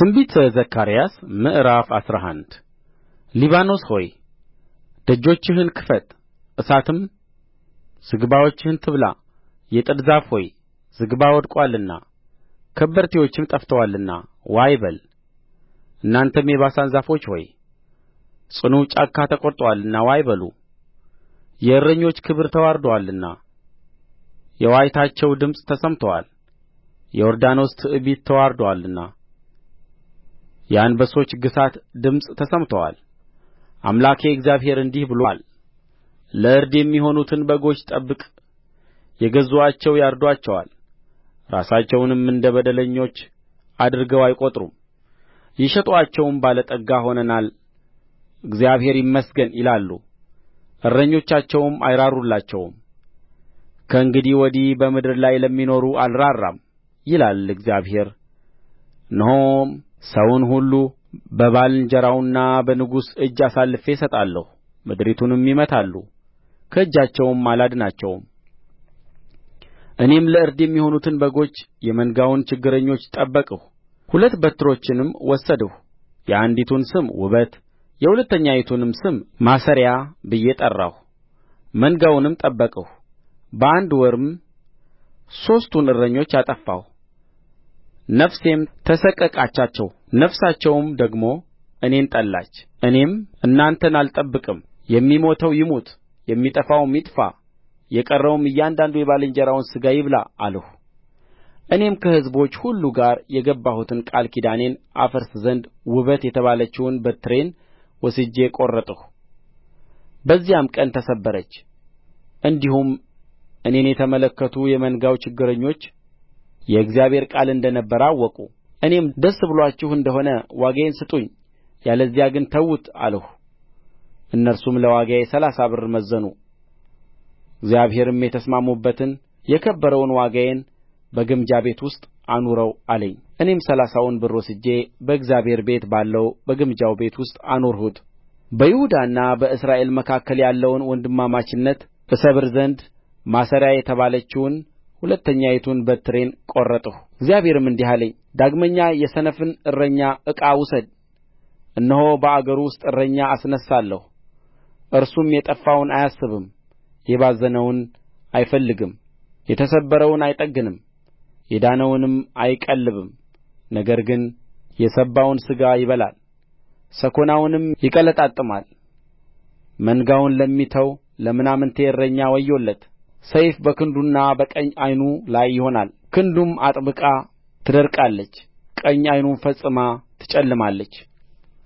ትንቢተ ዘካርያስ ምዕራፍ አስራ አንድ ሊባኖስ ሆይ ደጆችህን ክፈት እሳትም ዝግባዎችህን ትብላ የጥድ ዛፍ ሆይ ዝግባ ወድቆአልና ከበርቴዎችም ጠፍተዋልና ዋይ በል እናንተም የባሳን ዛፎች ሆይ ጽኑ ጫካ ተቈርጦአልና ዋይ በሉ የእረኞች ክብር ተዋርዶአልና የዋይታቸው ድምፅ ተሰምቶአል የዮርዳኖስ ትዕቢት ተዋርዶአልና የአንበሶች ግሣት ድምፅ ተሰምቶአል አምላኬ እግዚአብሔር እንዲህ ብሎአል ለእርድ የሚሆኑትን በጎች ጠብቅ የገዙአቸው ያርዱአቸዋል ራሳቸውንም እንደ በደለኞች አድርገው አይቈጥሩም የሸጡአቸውም ባለ ጠጋ ሆነናል እግዚአብሔር ይመስገን ይላሉ እረኞቻቸውም አይራሩላቸውም ከእንግዲህ ወዲህ በምድር ላይ ለሚኖሩ አልራራም ይላል እግዚአብሔር እነሆም ሰውን ሁሉ በባልንጀራውና በንጉሡ እጅ አሳልፌ እሰጣለሁ ምድሪቱንም ይመታሉ ከእጃቸውም አላድናቸውም እኔም ለእርድ የሚሆኑትን በጎች የመንጋውን ችግረኞች ጠበቅሁ ሁለት በትሮችንም ወሰድሁ የአንዲቱን ስም ውበት የሁለተኛይቱንም ስም ማሰሪያ ብዬ ጠራሁ መንጋውንም ጠበቅሁ በአንድ ወርም ሦስቱን እረኞች አጠፋሁ ነፍሴም ተሰቀቃቻቸው ነፍሳቸውም ደግሞ እኔን ጠላች እኔም እናንተን አልጠብቅም የሚሞተው ይሙት የሚጠፋውም ይጥፋ የቀረውም እያንዳንዱ የባልንጀራውን ሥጋ ይብላ አልሁ እኔም ከሕዝቦች ሁሉ ጋር የገባሁትን ቃል ኪዳኔን አፈርስ ዘንድ ውበት የተባለችውን በትሬን ወስጄ ቈረጥሁ በዚያም ቀን ተሰበረች እንዲሁም እኔን የተመለከቱ የመንጋው ችግረኞች የእግዚአብሔር ቃል እንደ ነበረ አወቁ እኔም ደስ ብሎአችሁ እንደ ሆነ ዋጋዬን ስጡኝ ያለዚያ ግን ተዉት አልሁ እነርሱም ለዋጋዬ ሠላሳ ብር መዘኑ እግዚአብሔርም የተስማሙበትን የከበረውን ዋጋዬን በግምጃ ቤት ውስጥ አኑረው አለኝ እኔም ሠላሳውን ብር ወስጄ በእግዚአብሔር ቤት ባለው በግምጃው ቤት ውስጥ አኖርሁት በይሁዳና በእስራኤል መካከል ያለውን ወንድማማችነት እሰብር ዘንድ ማሰሪያ የተባለችውን ሁለተኛይቱን በትሬን ቈረጥሁ እግዚአብሔርም እንዲህ አለኝ ዳግመኛ የሰነፍን እረኛ ዕቃ ውሰድ እነሆ በአገሩ ውስጥ እረኛ አስነሣለሁ እርሱም የጠፋውን አያስብም የባዘነውን አይፈልግም የተሰበረውን አይጠግንም የዳነውንም አይቀልብም ነገር ግን የሰባውን ሥጋ ይበላል ሰኰናውንም ይቀለጣጥማል መንጋውን ለሚተው ለምናምንቴ እረኛ ወዮለት ሰይፍ በክንዱና በቀኝ ዓይኑ ላይ ይሆናል ክንዱም አጥብቃ ትደርቃለች ቀኝ ዓይኑም ፈጽማ ትጨልማለች